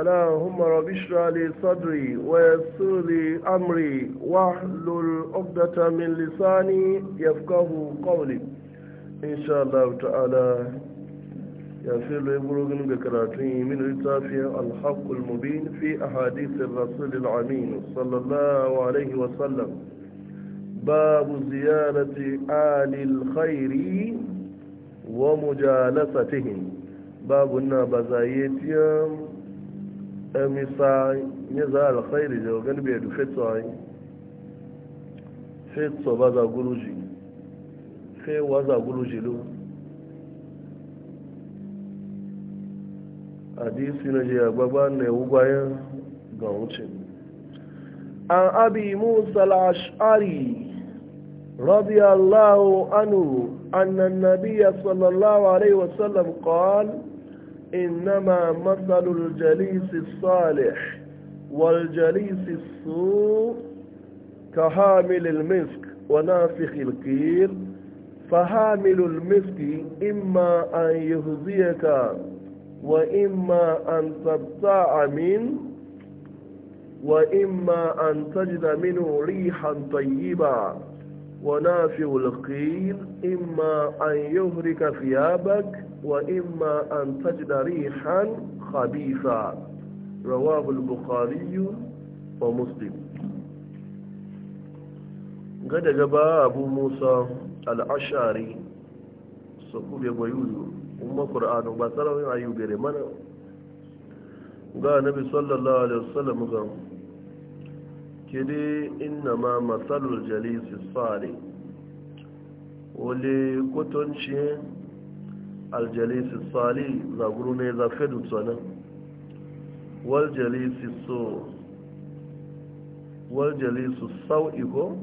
اللهم رب اشرح لي صدري ويسر لي امري واحلل عقدة من لساني يفقه قولي ان شاء الله تعالى يغفر لي بروغن بكراتي من رتافي الحق المبين في احاديث الرسول العمين صلى الله عليه وسلم باب زيارة آل الخير ومجالستهم باب النابزايتيام emisa nye za alkhairi je ogani be du fetso ayi fetso baza guruji fe waza guruji lu hadisi na je agbagba na ewugwaye ga wuce an abi musa al-ash'ari radiyallahu anhu anna an-nabiy sallallahu alaihi wasallam qala إنما مثل الجليس الصالح والجليس السوء كحامل المسك ونافخ الكير فحامل المسك إما أن يهزيك وإما أن تبتاع من وإما أن تجد منه ريحا طيبا ونافع القيل إما أن يهرك ثيابك Wa in ma an taji darihan Habi'a, Rawamu'u Bukhariyu da Musni. Ga daga ba abu Musa al'ashari su kube wayudu. Umar Kur'an mu masarar yin ayyukare mana. Ga na bi sallar lalurur sallar mu kan. ma matsalar jarid su tsari. Wani aljalisi sali zaguru ne za fedu tsanan waljalisi so sau'i ko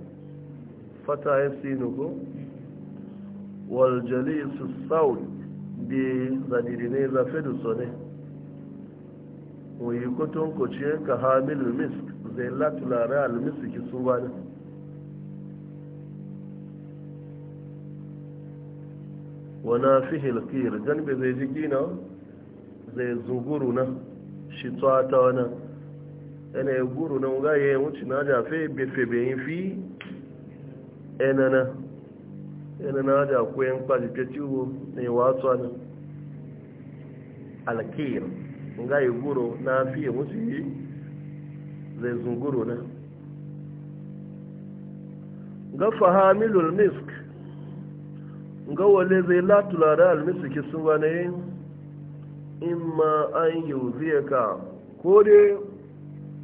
fata ya sinu ko waljalisu sau'i bi zadiri ne za fedu tsanan wuyi kutun kuce ka hamilu misk zai latulare almiski su bane wana fi hilkir jan bai zai ji gina zai zunguru na shi tsata wana yana ya guru na wuga ya yi wuce na jafe befe bayin fi enana enana da koyan kwajike ciwo ne wasu ana alkir nga ya guru na fi ya wuce zai zunguru na ga fahamilul misk ga wale zai latula da almisiki sun wane ma an yi zai ka ko dai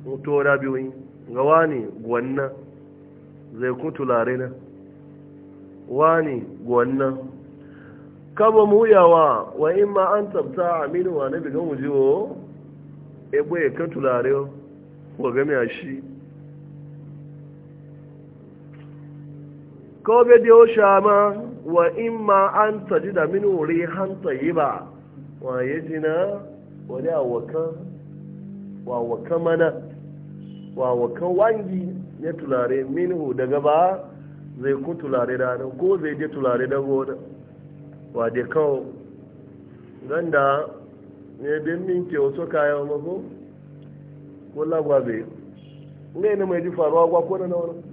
mutu da biyu ga wani gwanna zai kutu tulare na wani gwanna kaba mu yawa wa ma an tabta aminu e wa na bigan wujewo ebe ya kan tulare ko game a shi ko be sha ma wa in ma an da min rihan tayyiba wa yajina wa da waka wa waka mana wa waka wangi ya tulare hu daga ba zai ku tulare da nan ko zai je tulare da gona wa da kawo ganda ne bin minke wasu kayan mako ko lagwabe ne ne mai ji faruwa gwa ko na wani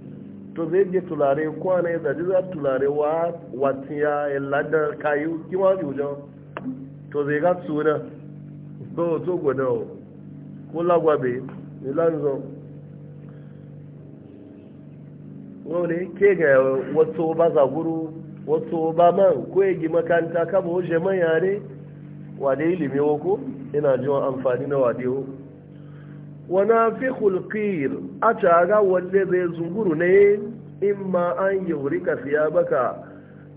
to zai je tulare kwana ya zaji za tulare wa watin ya ladar kayu kima jujan to zai ga suna to to gwada ko lagwabe ilanzo wani ke ga wato ba zaguru wato ba man ko ya gi makanta kaba waje man yare wade ilimi wako ina jiwa amfani na wade wako wana fi hulkir a tara wanda zai zunguru ne imma an yuhrika thiyabaka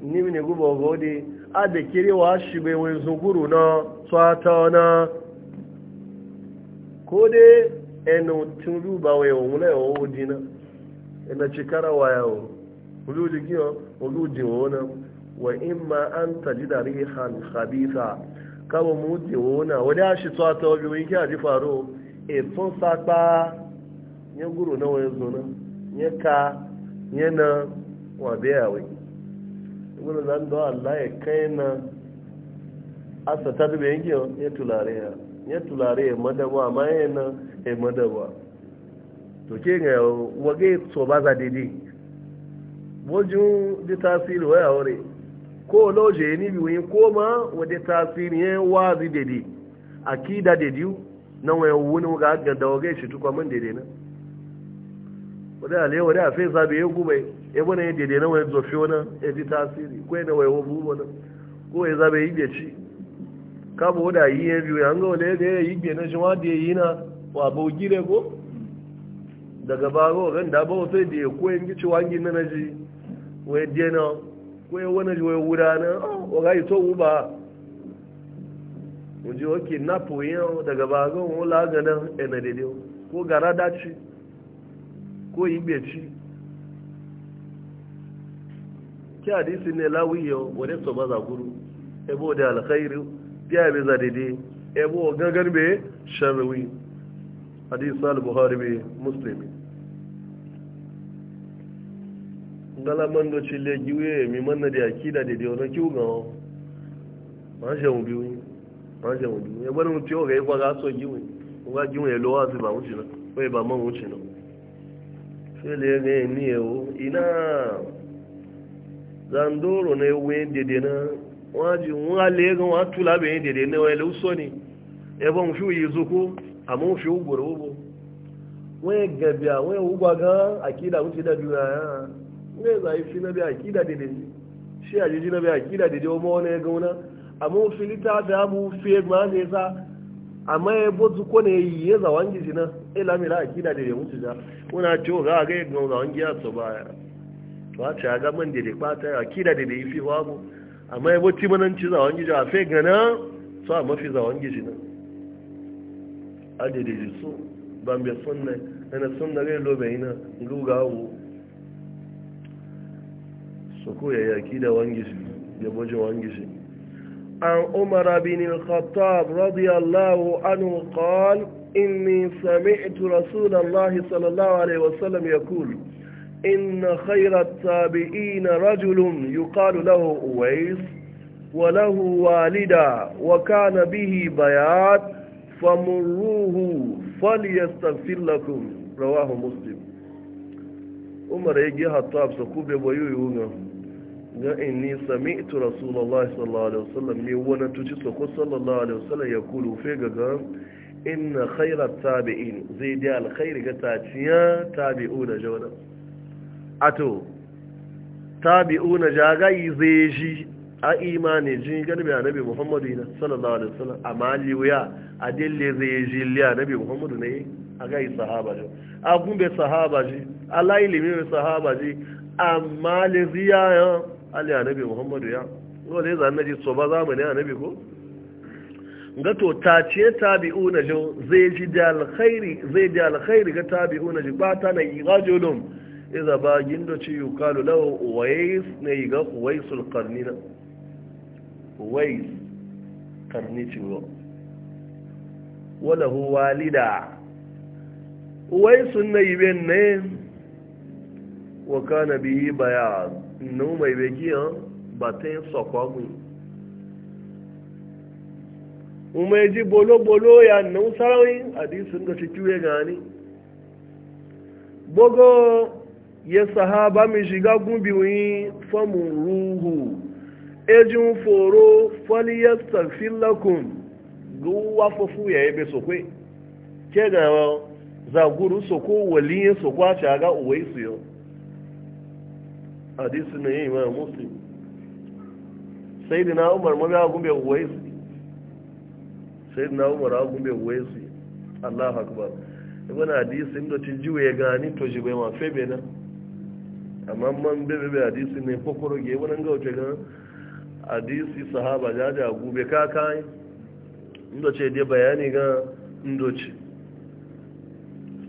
nimni gubo gode ada kirewa shi bai wani zunguru na tsata na ko dai eno tunu ba wai wula ya wo dina ina cikara waya wo wulu jikiyo wulu jiwona wa imma an tajida rihan khabitha kawo mu jiwona wada shi tsata wa biyu yake aji faro e fun sapa nye guru na wani zuna nye ka yana wa biya wai wani zan da Allah ya kai na asa ta dube yanke ya tulare ya ya tulare ya madawa ma yana ya madawa to ke ga wage so ba za daidai bojin di tasiri waya wuri ko loje ni bi wani koma wadda tasiri ya wazi daidai akida daidai na wani wuni ga ga da wage shi tukwa man daidai na wani ale wani a fai zabe ya gube ya bane ya dede na wani zofi wani ya ji tasiri ko yana wayo bu wani ko ya zabe yi bai ci kama wani a yi ya biyu ya hanga wani ya yi bai na shi ma da ya yi na wa bau gire ko daga baro ran da ba sai da ya ko yin gici wangi na na ji wai dena ko ya wani ji wai wura na o ah, ga yi to uba mun ji oke na poyin daga baro wani laganan yana daidai ko gara dace ko yi gbeci ki hadisi ne lawiyo wadda su maza guru ebo da alkhairu biya bai zadede ebo gangan bai sharri hadisi al-buhari bai muslimi galaman da giwe mi manna na kiwu ga hau ma ṣe hun biyu wọ́n wọ́n fele ne ni ewo ina zandoro um um um na ewe dede na waji nwa legan wa tula be dede na wele usoni ebo mfu yizuku amu mfu ugboro ugbo we gabia we gan, ga akida mutu da dura ya we za ifi na bi akida dede shi ajiji na bi akida dede o mo ne gauna amu filita da mu fe sa amma ya bozu ko ne yi ya zawon gizi na ilamila a kida da ya mutu da muna ciwo a ga yi zawon giya su ba ya a ce a gaban da da kwata a kina da da yi fi wago amma ya bozu mananci zawon gizi a fe gana su a mafi zawon gizi na a da da jisu ban bai sunna yana sunna rai lobe yana ruga wu su ko ya yi a kida wangizi ya boje wangizi عن عمر بن الخطاب رضي الله عنه قال إني سمعت رسول الله صلى الله عليه وسلم يقول إن خير التابعين رجل يقال له أويس وله والدا وكان به بيات فمروه فليستغفر لكم رواه مسلم عمر يجي خطاب سكوب ويويونه ga inni sami'tu rasulallah sallallahu alaihi wasallam ne wani tuci soko sallallahu alaihi wasallam ya kulu fe gaga inna khaira tabi'in zai da alkhairi ga taciya tabi'u da jona ato tabi'u na jagayi zai shi a imani jin garbi annabi muhammadu na sallallahu alaihi wasallam amma a dille zai shi liya annabi muhammadu ne a gai sahaba ji a gumbe sahaba ji a lailimi sahaba ji amma liya ali annabi muhammadu ya wale za na ji so ba zamani annabi ko gato ta ce tabi'una jo zai ji da alkhairi zai da alkhairi ga tabi'una ji ba ta na irajulum idza ba gindo ci yukalu law wais ne ga waisul qarnina wais qarni ci wo wala hu walida waisun ne yiben ne wa kana bihi bayad nu mai begi yan batin sọ̀kọ́ mu ya e nu sarawin hadisin ga cikin ya gani gbogbo ya e sahaba mi shiga gumbiwin famun um ruhu ejin um foro faliyar sarfilakun guwa fafu ya e yabe sokwe ke ga zaguru soko waliyin sokwa shaga uwaisu yau hadisi na yin imam muslim sai na umar mabi agun bai wai su na umar agun bai wai Allahu akbar ibn hadisi inda ci jiwe gani to ji bai ma febe na amma man bebe bai hadisi ne kokoro ge wani ga wace gan hadisi sahaba jaja gube kakai inda ce dai bayani ga indoci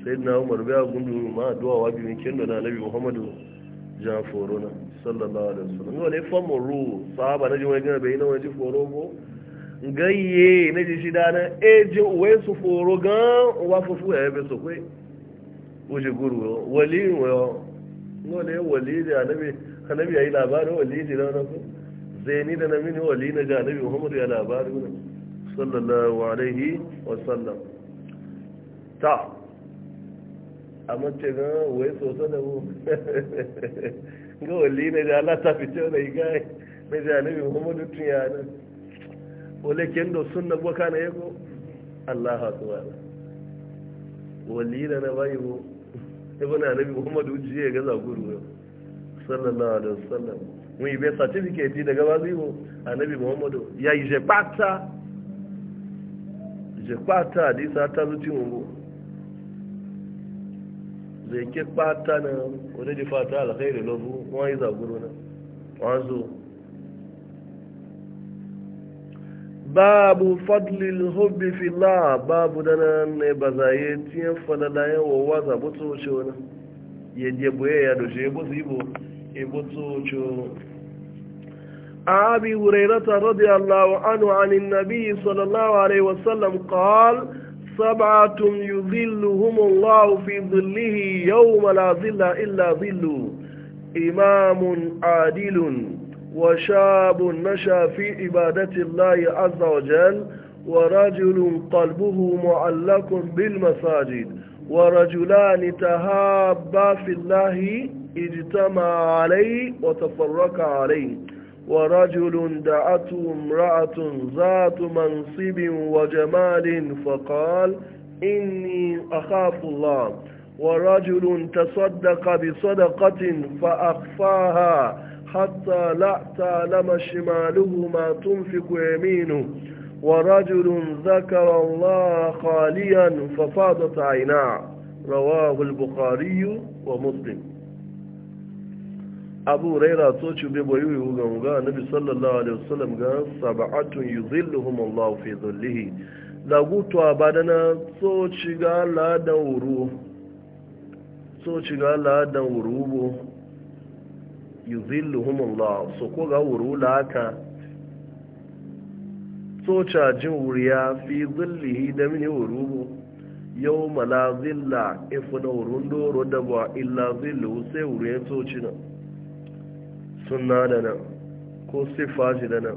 sai na umar bai agun ma duwa wa biyu kin da nabi muhammadu ja foro na sallallahu alaihi wasallam ngone famo ru sahaba na ji wani gana bai wani foro go ngaye na ji shi dana e je we su foro ga wa fufu ya yabe so kwe o je guru wali wayo ngone wali da anabi anabi yayi labarin wali ji na ko zaini da namini wali na ga nabi muhammadu ya labarin sallallahu alaihi wasallam ta amma na ga wai soso da mu ga wali ne da Allah ta fice da igai ne da nabi Muhammadu tun ya nan wale kendo sunna na ego? yego Allahu akbar wali da na bai ibu na e nabi Muhammadu jiye ga zaguru sallallahu alaihi wasallam mun yi bai certificate daga a annabi Muhammadu ya yi je pata je ta zuci mu zai ke fata na wani da fata alkhairi lobu kuma yi zaguru na wanzu babu fadlil hubbi fila babu dana ne ba za yi tiyan falala yawa waza butu wuce wani yadda buye ya dushe ya butu ibo ya butu wuce abi hurairata radiyallahu anhu anin nabi sallallahu alaihi wasallam qala سبعة يظلهم الله في ظله يوم لا ظل إلا ظله إمام عادل وشاب نشا في عبادة الله عز وجل ورجل قلبه معلق بالمساجد ورجلان تهابا في الله اجتمع عليه وتفرق عليه ورجل دعته امرأة ذات منصب وجمال فقال إني أخاف الله ورجل تصدق بصدقة فأخفاها حتى لا تعلم شماله ما تنفق يمينه ورجل ذكر الله خاليا ففاضت عيناه رواه البخاري ومسلم abu raira so ci bai bayu yi ga ga bi sallallahu alaihi wasallam ga sab'atun yuzilluhum Allah fi dhillihi da gutwa badana so ci ga ladan wuru so ci ga la da wuru bo yuzilluhum Allah so ko ga wuru la ka so ca jin wuriya fi dhillihi da mini wuru bu yau mala zilla na wurin doro da ba illa zillu sai wuri so ci na sunna da nan ko siffa shi da nan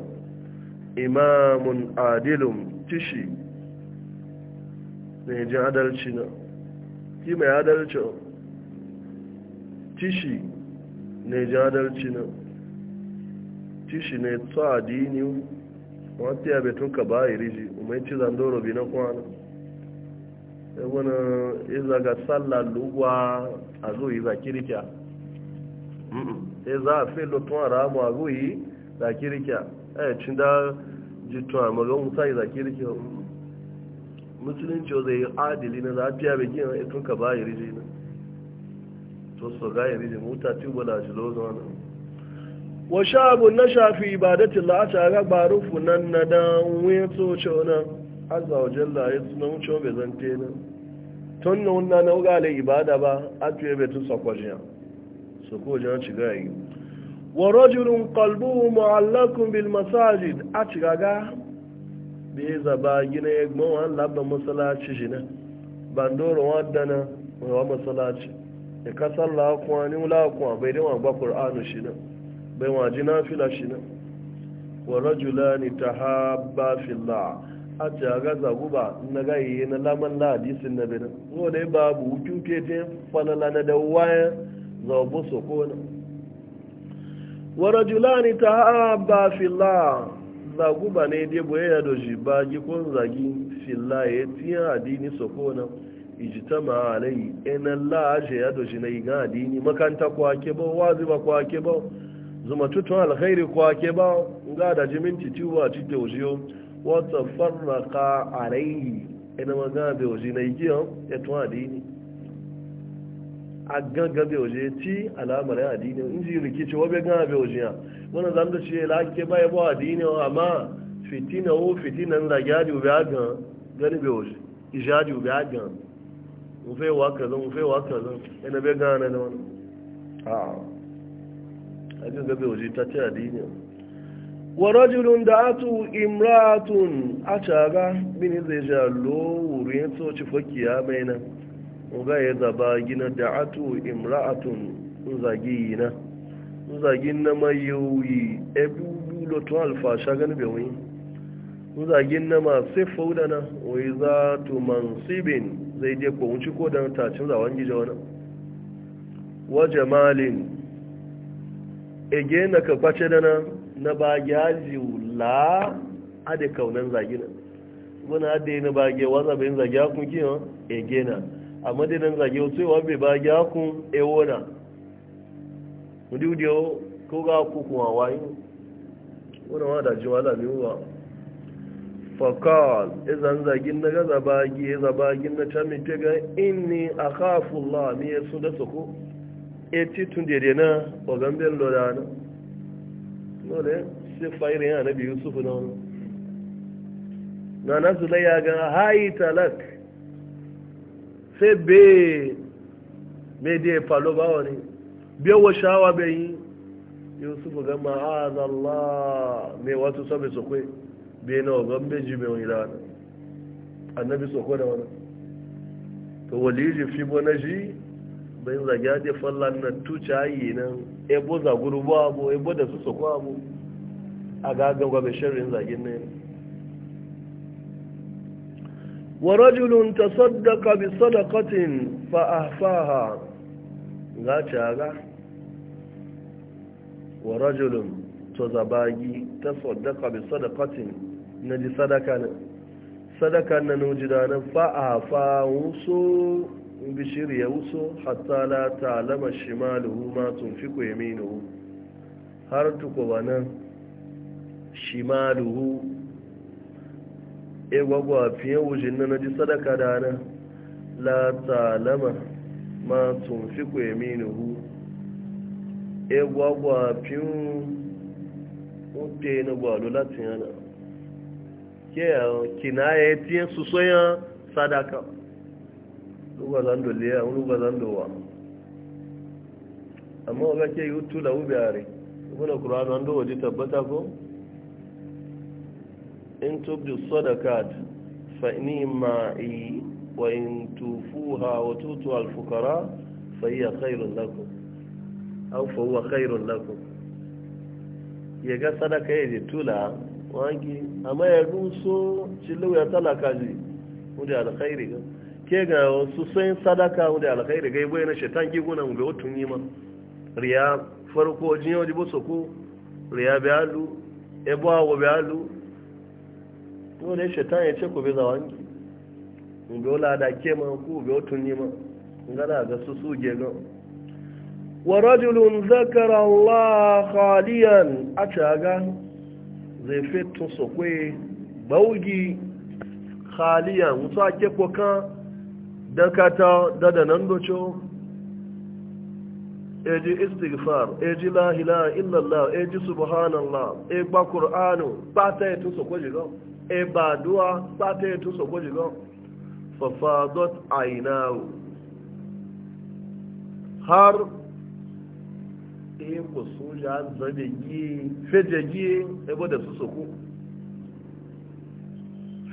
imamun adilun tishi mai jin adalci na ki mai adalci tishi ne jin adalci na tishi ne ta adini wata ya tun ka ba iriji umar ci zandoro bi na kwana ya wani izaga tsallar lugwa a zo yi zakirkiya e za a fe lotun ara mu a goyi da kirkiya eh cin da jitun a magan musa da kirkiya musulunci o zai adili na lafiya bai gina eh, itun ka ba yiri jina to so ga yiri jina muta tubo da jilo na. wa shabu na shafi ibadatin la'ata ga barufu nan na dan wuyato ce wani azza wa jalla ya suna wuce bai zante na tun na wunan na wuga da ibada ba a tuye bai tun sakwajiya su ko jan shiga yi wa rajulun qalbuhu mu'allakun bil masajid a shiga ga be zaba gina ya gba wa labba masallaci shi na bandoro wadana wa masallaci ya kasar la ni la bai da wa ba qur'anu shi na bai wa jina fila shi na wa rajulani tahabba fillah a ce a gaza guba na gaye na laman na na benin wadda ya babu hukunke te falala na dawayen zaubu su kone wa julani ta haɓa fila zagu ba ne dai boye ya doji ba gikon zagi fila ya tiya adini su kone ijita ma alai enan la'ashe ya doji na igan adini makanta kwake ba wazi ba kwake ba zuma tutun alkhairi kwake ba ga da jimin titiwa cikin ujiyo wata farraka alai ina magana da uji na igiyan ya tun adini a ganga bai waje ci alamar ya adini in ji rikici wabe gana bai waje ya wani zan da ce lake ba ya ba adini amma fitina wo fitina da ya ji ube agan gani bai waje ija ji ube agan mufe wa kazan mufe wa kazan yana bai gana da wani a ganga bai waje ta ce adini wa rajulun da atu imratun a caga mini zai jalo wurin tsoci fakiya mai nan ga ya zaba gina da'atu imra'atun zagi na zagin na mai yauyi ebubu lotun alfasha gani bewin zagin na ma fauda na wai za tu mansibin zai je kwanci ko don tacin zawon gija wani wa jamalin ege na ka kwace dana na ba gyaji la ade kaunan zagina muna ade na ba ge wazabin zagi hakun kiyon ege na a madinan zage wasu yawa bai ba gya kun ewona eh, wadda wadda yau ko ga ku kuma wayo wani wadda ji wadda ne wa fakal izan eh, zagin na gaza bagi ya eh, zabagin na tamin ta ga inni a kafin lami ya su da suku e titun dede na ogamben lura na lura sai biyu su fi na wani na nasu laya ga haita sai be me da ya falo ba wani biyan wa shawa bai yi yusufu ga ma'az Allah me wasu sabi su kwe bai na ogan beji mai wani rana annabi soko kwe da wani to waliji fi bona shi bai zage da fallan na tuca yi nan ebo zaguru ba abu ebo da su su kwa abu a gagan gwabe shirin zagin na yana ورجل تصدق بصدقة لا غاتشاغا ورجل تزباغي تصدق بصدقة نجي صدقة صدقة نوجدان فأهفا وصو بشير يوصو حتى لا تعلم شماله ما تنفق يمينه هرتك وانا شماله e fiye wujin na ji sadaka da na la ma tun fi ku eminuhu e eh, gwagwa fiye wute na gwalo latin yana ke kinaye tiye su soyan sadaka lugazan doliya wani lugazan wa amma wa ke yi hutu da wubiyare wani kura an dowa ji tabbata ko in tubdu sadakat fa ni'ma hi wa in tufuha wa tutu al fuqara fa hiya khairun lakum aw fa huwa khairun lakum yaga sadaka je tula wangi amma ya ruso cilu ya talaka ji wanda alkhairi ga ke ga su sai sadaka wanda alkhairi ga ibo na shaitan ki gona mu otun yi ma riya farko jin yau jibo soko riya bi alu ebo awo bi alu dole shaitan ya ce ku bi zawon ki in dole da ke ma ku bi otun ni ma gana ga su su ge wa rajulun zakara Allah khaliyan a caga zai fito su kwe baugi khaliyan wasu ake kokan don kata dada nan doco eji istighfar eji lahila illallah eji subhanallah e ba ƙur'anu ba ta yi tun su kwaji gawa e ba duwa pata ya tuso kwaji gan fafadot ainihu har in ku soja zabegi fejegi ebo da su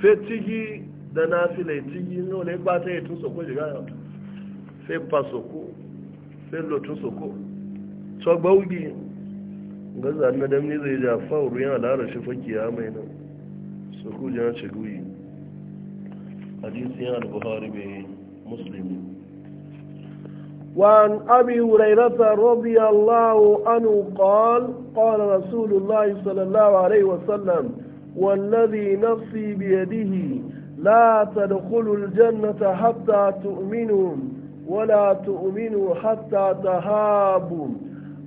Fi fetigi da na fila itigi ní olè pata ya tuso kwaji gan fe pa soku fe lotun soku tọgbọ́ ugi ga zanen da mni zai jafa ruyan al'arashi fakiya mai nan su kujin ce guyi hadisi al-buhari bai muslim وعن أبي هريرة رضي الله عنه قال قال رسول الله صلى الله عليه وسلم والذي نفسي بيده لا تدخلوا الجنة حتى تؤمنوا ولا تؤمنوا حتى تهابوا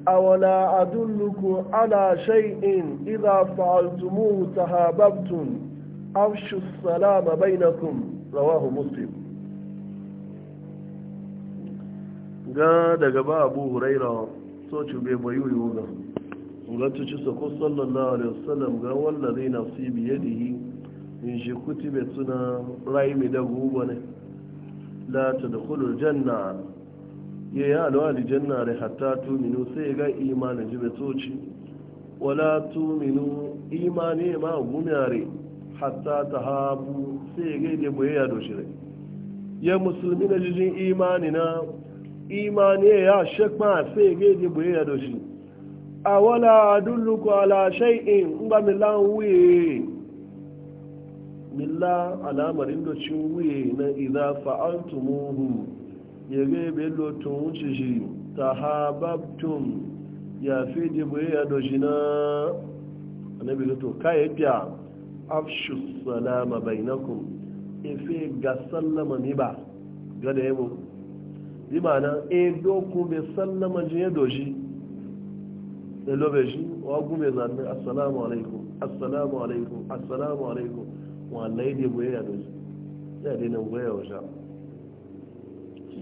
أولا أدلكم على شيء إذا فعلتموه تهاببتم afshu salama bainakum rawahu muslim ga daga ba abu huraira so bayu bayuyu ga ci ci sako sallallahu alaihi wasallam ga wallazi nafsi da yadihi in shi kutibe suna rai mi da guba ne la tadkhulul janna ya alwa alwali janna re hatta tuminu sai ga imanin jibe ci wala tuminu imani ma gumiyare hatta ta habu sai ga da boyayya do shi ya musulmi na jijin imani na imani ya shakma sai ga da boyayya do shi awala adulluku ala shay'in ba milan wuye milla alamarin da cin wuye na idza fa'altumuhu ya ga bello tun wuce shi ya fi da boyayya do na annabi to kai afshu salama bainakum ife ga sallama ni ba ga da yabo bi ma'ana e ku be sallama jin ya doshi. da e lobe shi wa gume zanne assalamu alaikum assalamu alaikum assalamu alaikum wallahi dai boye ya doji ya dai nan boye wa sha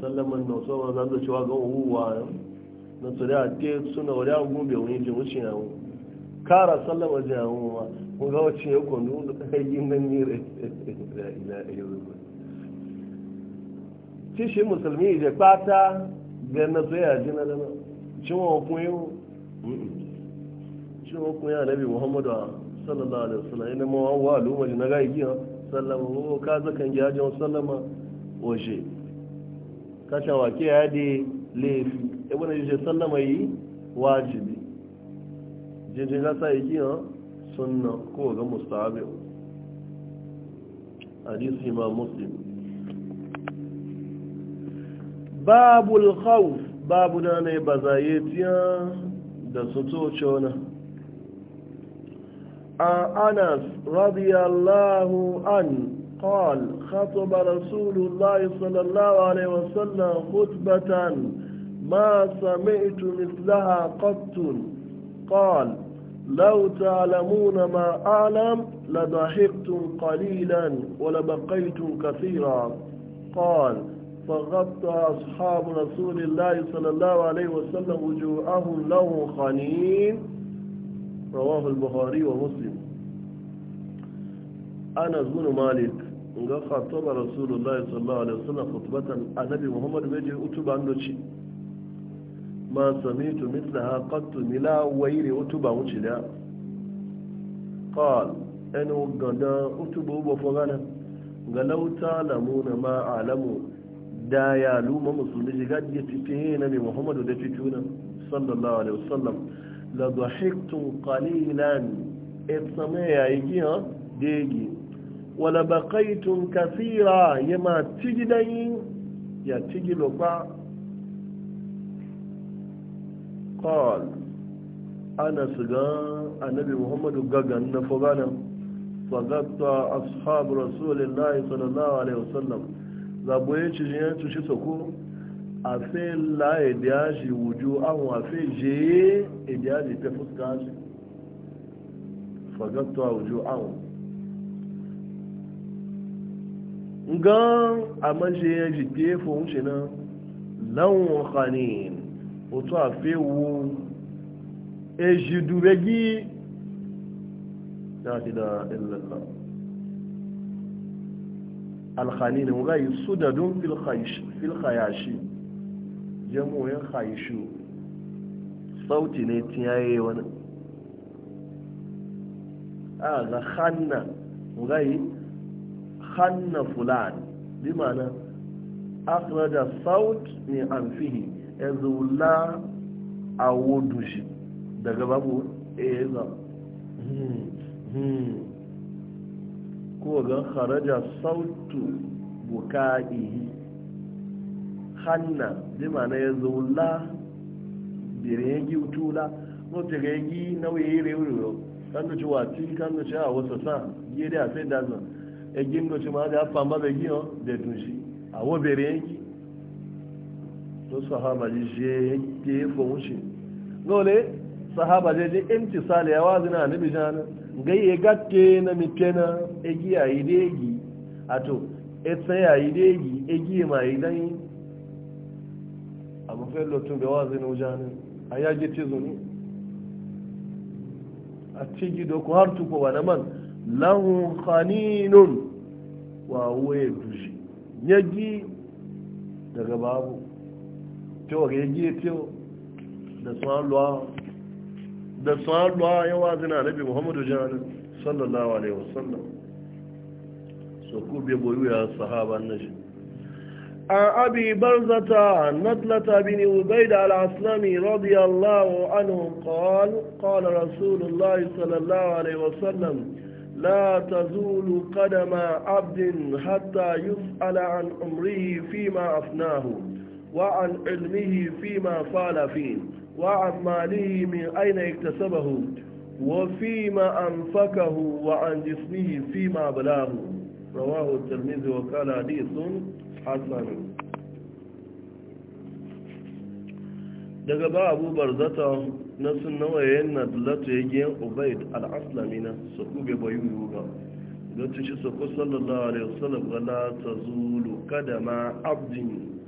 sallaman na so ma zan da cewa ga uwa na tsare a te suna wuri a gube wani jin wuce na kara sallama jin ma ko ga wacce ya kwanu yi nan ne da ila ayyuru ci shi musulmi da pata ga na soya jina da na ci wa kun yi ci wa kun yi annabi muhammadu a? sallallahu alaihi wasallam ina ma wa al'umma na ga yi sallama ko ka zakan ji hajjan sallama waje kasha wa ke ya de lefi ibn je sallama yi wajibi je je ga sai ki ha sunna ko ga mustahabi hadisi ma muslim babul khawf babu na ne bazayetiya da sutocona عن أنس رضي الله عنه قال خطب رسول الله صلى الله عليه وسلم خطبة ما سمعت مثلها قط قال لو تعلمون ما أعلم لضحكتم قليلا ولبقيتم كثيرا قال فغطى أصحاب رسول الله صلى الله عليه وسلم وجوعهم له خنين رواه البخاري ومسلم أنا بن مالك خطب رسول الله صلى الله عليه وسلم خطبة النبي محمد بيجي أتوب عنه شيء ma samitu mislaha qattu nila waire utuba wuce da qal enu ganda utuba ubo fogana galauta lamuna ma alamu da ya luma musulmi shiga ya fifiye na mai muhammadu da fituna sallallahu alaihi wasallam la dhahiktun qalilan etsama yayi giya degi wala baqaytum kathira yama tigidan ya tigi lokwa قال أنا سجان النبي محمد قاقن نفغانا فغطى أصحاب رسول الله صلى الله عليه وسلم soko a la ediaji wuju awon a je ediaji pe fuska shi fagatto a ngan a ya ji na òtún àfẹ́wò èṣìdúrégí e dáadìdá ilẹ̀lá alkhani ne wọ́n gáyìí súdàdún filhayashi jẹ́mọ̀yán hayishu sauti ne tiyaye wani a ga hanna wọ́n gáyìí hanna fulani bí akhraja saut min anfihi yazula awudushi daga babu eza ko ga kharaja sautu buka'ihi hanna bi ma'ana yazula biregi utula ko tiregi nauyi rewuro kan da ci wati kan da ci a wasu sa gere a sai dazan egin da ci ma da famba begi o da tunshi àwọn obìnrin yìí tó sahaba ji ṣe yẹ fòun ṣe lóòlẹ́ sahaba jẹ́ jẹ́ ẹ̀mtì sálẹ̀ àwọ́ àzínà níbi jana ya gàtẹ́ na mitena egi àyídé egi àtò ẹ̀tẹ́ àyídé egi egi ma ìdáyìn àmọ́fẹ́ lọ́tún bẹ̀wọ́ àzínà jana ayájẹ́ tí zuni àti jìdọ̀ kò hàrtù wà náà man láhùn khaninun wà wọ́ yagi daga babu cewa ga yagi ya da tsalluwa da tsalluwa yawa zina nabi muhammadu jihani sallallahu alaihi wasallam so ku bai boyu ya sahaba na shi عن أبي برزة نطلة بن عبيد العسلمي رضي الله عنه قال قال لا تزول قدم عبد حتى يسأل عن عمره فيما أفناه وعن علمه فيما فعل فيه وعن ماله من أين اكتسبه وفيما أنفكه وعن جسمه فيما بلاه رواه الترمذي وقال حديث حسن daga ba abu na sunna wayayen na dulatu ya giyan ubaid al'aslami na su kube bayu yuga don ci shi sako sallallahu alaihi wasallam gala ta zulu ma abdin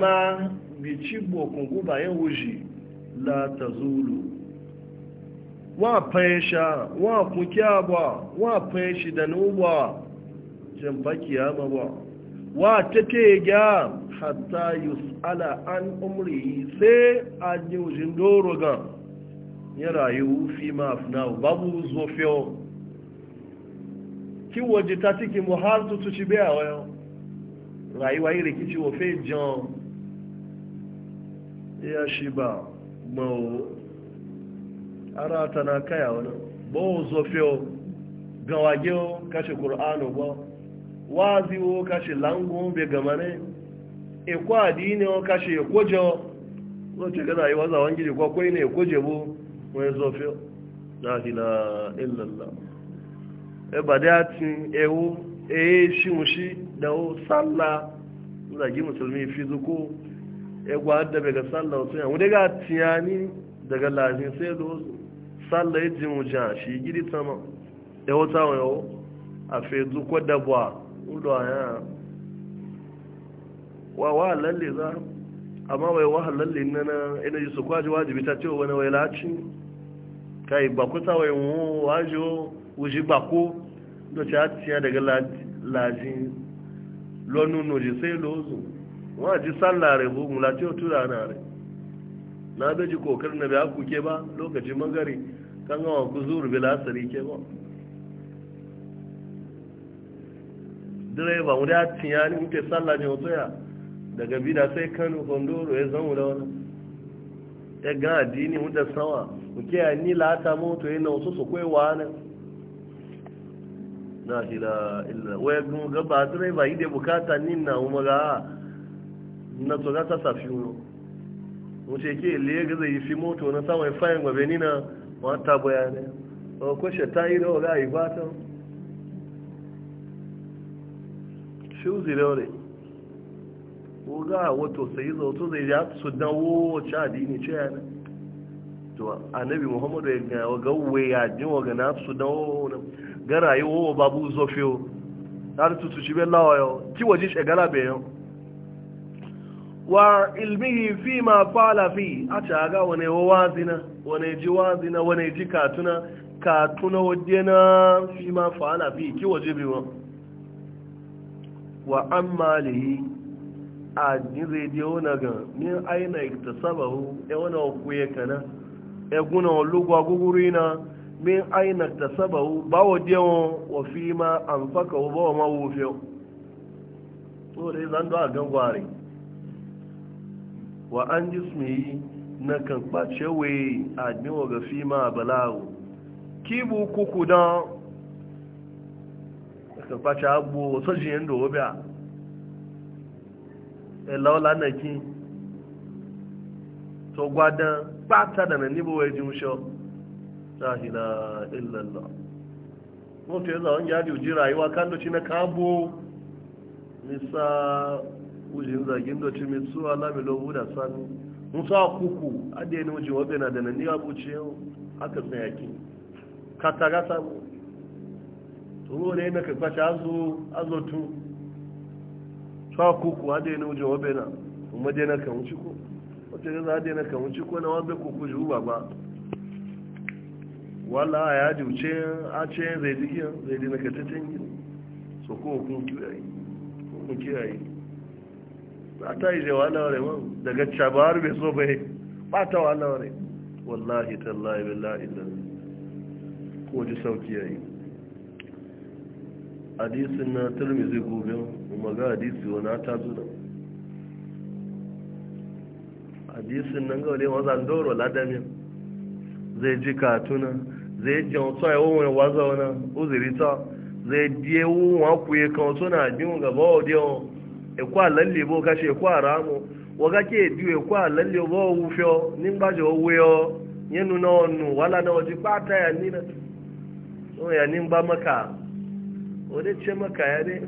ma bi bokun guba bayan wuji la ta zulu wa fansha wa kukiya ba wa fanshi da nuba jan fakiya ba ba wa ta te gya hatta yus'ala an umri sai an yi wujin doro ga ya rayu fi ma'afina babu zofiyo ki wọ́n jẹ ta tí kí mo har tuntun ṣe bí àwọn rayuwa yìí rikici wọ́n fi jan ya ṣe ba gbọ́n ara tana kaya wani bọ́wọ́ zofiyo gawaje o kashe ƙur'anu ba wazi o kashe langon bai gamane ekwa adini o kashe ekojo wace gana yi waza wangi da kwakwai ne ekoje bu wani zofe na hila illallah e ba da tin ewu e shi mushi da o salla zagi musulmi fizuko e gwa da daga salla wasu yan wadda ga tiyani daga lajin sai lo salla ya e ji mu jan shi gidi sama e wata wayo a fezu kwa dabwa ulo a yana wa wa lalle za amma wai wa lalle na na ina ji su kwaji wajibi ta cewa wani wai laci kai ba ta wai mu wajo uji ba ku do ta tiya daga lajin lonuno no ji sai lozu wa ji sallare bu mu lati o tura na re na be ji kokarin na ba ku ke ba lokacin magari kan ga ku zuru bi lasari ke ba direba mu da tiya ni mu te sallaje o to ya daga bida sai kano gondoro ya zan wula wani ya gan addini wanda sawa muke ya ni lata moto ya na wasu su kwai wani na ila illa waya gun gaba direba yi da bukata ni na umara na tsoron ta fi wuro wuce ke ile ya zai fi moto na samun fayin gwabe ni na wata bayanai o kwashe ta yi da wura a yi fatan shi uzire wuri ko ga wato sai zautu zai ja su dawo wacce adini ce ya ne to annabi muhammadu ya ga gawwe ya ji wa ga nafsu dawo ga rayuwa babu zofio har tutu shi bella wa yau ki waji shagala be yau wa ilmihi fi ma fala fi a ta ga wane wazina wane ji wazina wane ji katuna katuna waje na fi ma fala fi ki waje bi wa amma lihi a zai je wani ga min aina ta sabahu ya wani kuye kana ya e guna olugwa guguri na min aina ta sabahu ba wa dewa wa fi ma an faka wa ba wa ma wufe to dai zan do a gan gware wa an jismi na kan kwace wai adin wa ga fi ma balawo kibu kuku don kan kwace abu wasu jiyan da wabiya ẹ̀lọ́ọ̀lá náà kí tó gbádán pátádà náà níbo ẹjú ń ṣọ láàhìlà ìlàlọ́ wọ́n fi ẹ̀lọ́ ń yáàdì òjìrà àyíwá kándochi náà káàbò nisa wùjì ń zàgí ndochi mi tú alámìlò wúdà sánú ń tó àkókò adé ni wùjì wọ́n bẹ̀rẹ̀ àdànà ní abúchi akẹ́sìn yàkí kàtàkátà mú owó lẹ́yìn náà kẹgbàṣà azó azó tún sa kuku hade ne uje wabe na kuma dai na kan wuci ko wace za hade na kan wuci ko na wabe kuku juba ba wala ya ji wuce a ce zai ji zai dina ka ta tangi so ko kun kiyaye kun kiyaye ba ta yi je wala wale ma daga chabar bai so bai ba ta wala wale wallahi tallahi billahi ko ji sauki yayi hadisin na turmizi gobe maga hadisi wani ta zuna hadisin nan ga wazan doro zai ji katuna zai ji wasu a yawon waza wani zai diye wuwa kuye kan wasu na biyun gaba wa diyon ikwa e lalle bo kashe ramu waga ke diyo lalle bo wufe ni gbaje ya ya wadda maka ya ne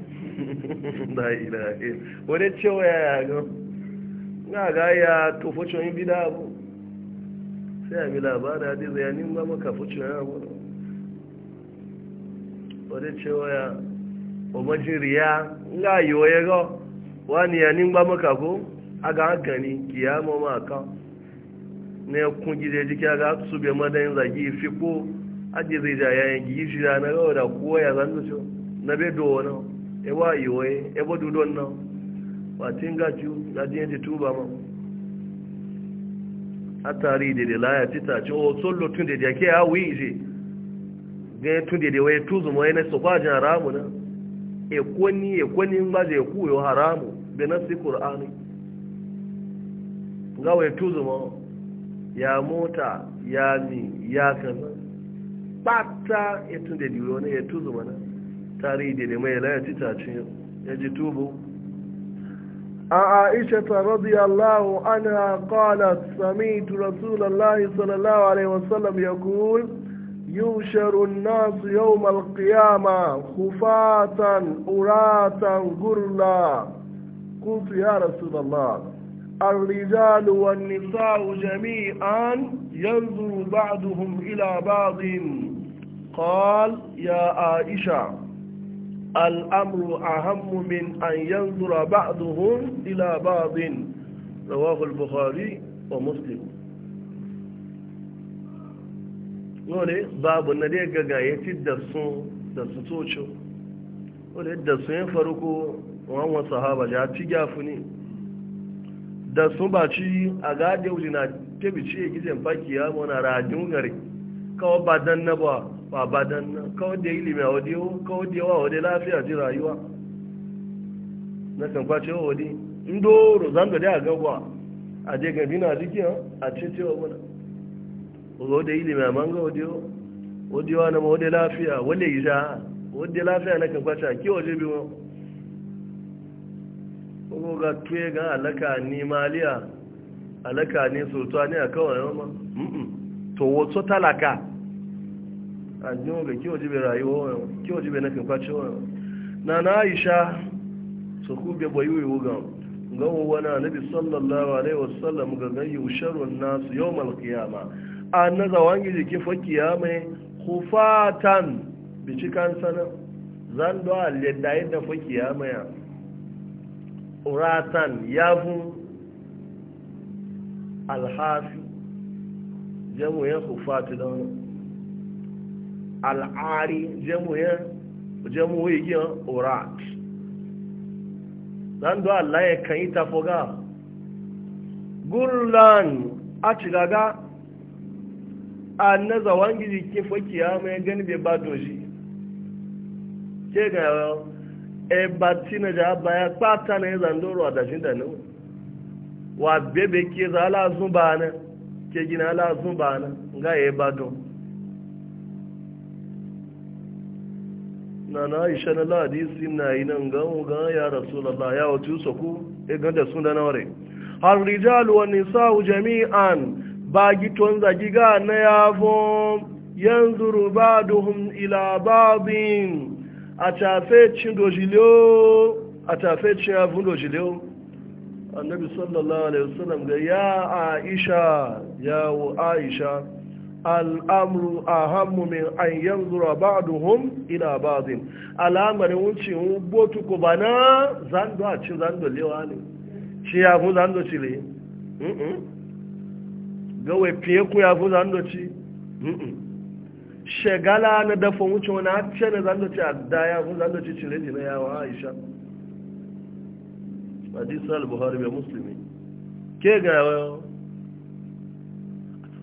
da ilahe wadda waya ya ga na ga ya to fucin yin bida abu sai a mi labarin hadi maka ya abu wadda waya o nga wani maka a ga gani kiyama aka ne kun gide jiki a ga su madayin zagi fi ko ajiye zai ja yayin gishi da na gawa da kowa ya na be do na e wa yo e e bo du don na wa tinga ju na je di tuba ma atari de de laya tita ci o sollo tun de de ke a wi je ge tun de de we tuzu mo ene so kwa jan ramu na e koni e koni ma je ku yo haramu be na si qur'ani nga we tuzu mo ya mota ya ni ya kaza pata etun de de we ne tuzu mana تاريدي لمي لا يتتاتي tace توبوا عائشة رضي الله عنها قالت سميت رسول الله صلى الله عليه وسلم يقول يوشر الناس يوم القيامة خفاة أراة غرلا قلت يا رسول الله الرجال والنساء جميعا ينظر بعضهم إلى بعض قال يا عائشة الأمر أهم من أن ينظر بعضهم إلى بعض رواه البخاري ومسلم wale babu na dai gaga ya da su da su tocin wale da su yin farko wanwa sahaba ya ci gafi ne da su ba ci a gadi wuli na ya gizin faki ya rajin gari kawo ba dan na ba ba badan nan kawai da ilimi a wadi kawai da yawa wadi lafiya ji rayuwa na kan kwace wa wadi zan a a je gabi na a cece wa mana ko da ilimi a na ma wadi lafiya wale gida wadi lafiya na kan kwace a kiwa ga tuye ga alaka alaka sultani to talaka ajiyar ga kiwo jibe rayuwa wayo kiwo jibe na kan kwace wayo na na aisha su kube bayu yi wugan gawo wani anabi sallallahu alaihi wasallam ga gayi usharun nasu yau malkiyama an na zawon gizi ki fa mai hufatan bici kan sana zan do alle da yadda fa kiyama ya uratan yafu alhafi jamu ya hufatu da al'ari jamu yigin orat zan do allah ya kan yi tafoga gurlan a cigaga a na zawon gizi ke fakiya mai gani bai ba doji ke ga ebati na ja baya kpata na ya zandoro a dashin da nan wa bebe ke za ala zun ba na ke gina ala zun ba na ga ya ba don na na aisha na ladisi na yi nan gan ga ya rasulallah ya wato su ku e ga da suna na ware har rijal wa nisa'u jami'an ba giton zagi ga na yafo yanzuru ba'duhum ila ba'din a tafe cin dojiliyo a tafe cin abun dojiliyo annabi sallallahu alaihi wasallam ga ya aisha ya aisha al'amuru a hannu mai an yanzu raba duhun ina zin al'amarin wuce botu ku ba na zando a ci zando lewa ne shi ya fi zando ci le gawa fiye ku ya fi zando ci shagala na dafa wuce wani hacce na zando ci a da ya fi zando ci cire jina yawa aisha hadisar buhari mai musulmi ke ga yawon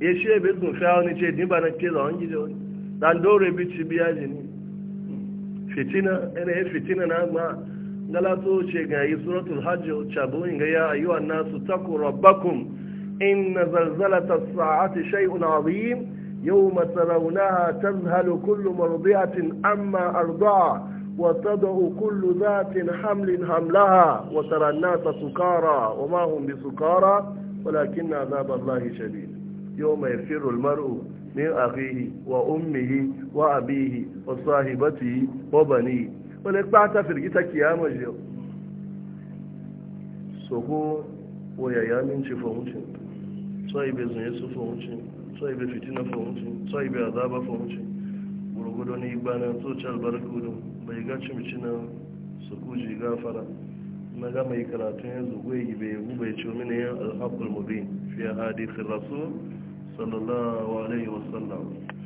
ya shi ebe sun fi wani ce ni ba na ke zawon gida wani dan dore bi ti bí ji ni fitina ẹni ẹ fitina náà na ma galato ce ga yi suratul hajj chabu in na ta sa ga ya ayyuha nasu taqu rabbakum inna zalzalata as-sa'ati shay'un 'azim yawma tarawunaha tadhhalu kullu mardi'atin amma arda'a وتضع كل ذات حمل حملها وترى الناس سكارى وما هم بسكارى ولكن عذاب الله شديد yau mai firul mar'u min akhihi wa ummihi wa abihi wa sahibatihi wa bani wale kpata firgita kiyama je so ko waya ya min ci famuci so ibe zunye su fitina famuci so ibe azaba famuci gurgudu ni gbana to ci bai ga cimici na su kuji gafara na mai karatun yanzu gwai bai ci mini alhaƙul mubin fiye hadisin rasul sallallahu alaihi wasallam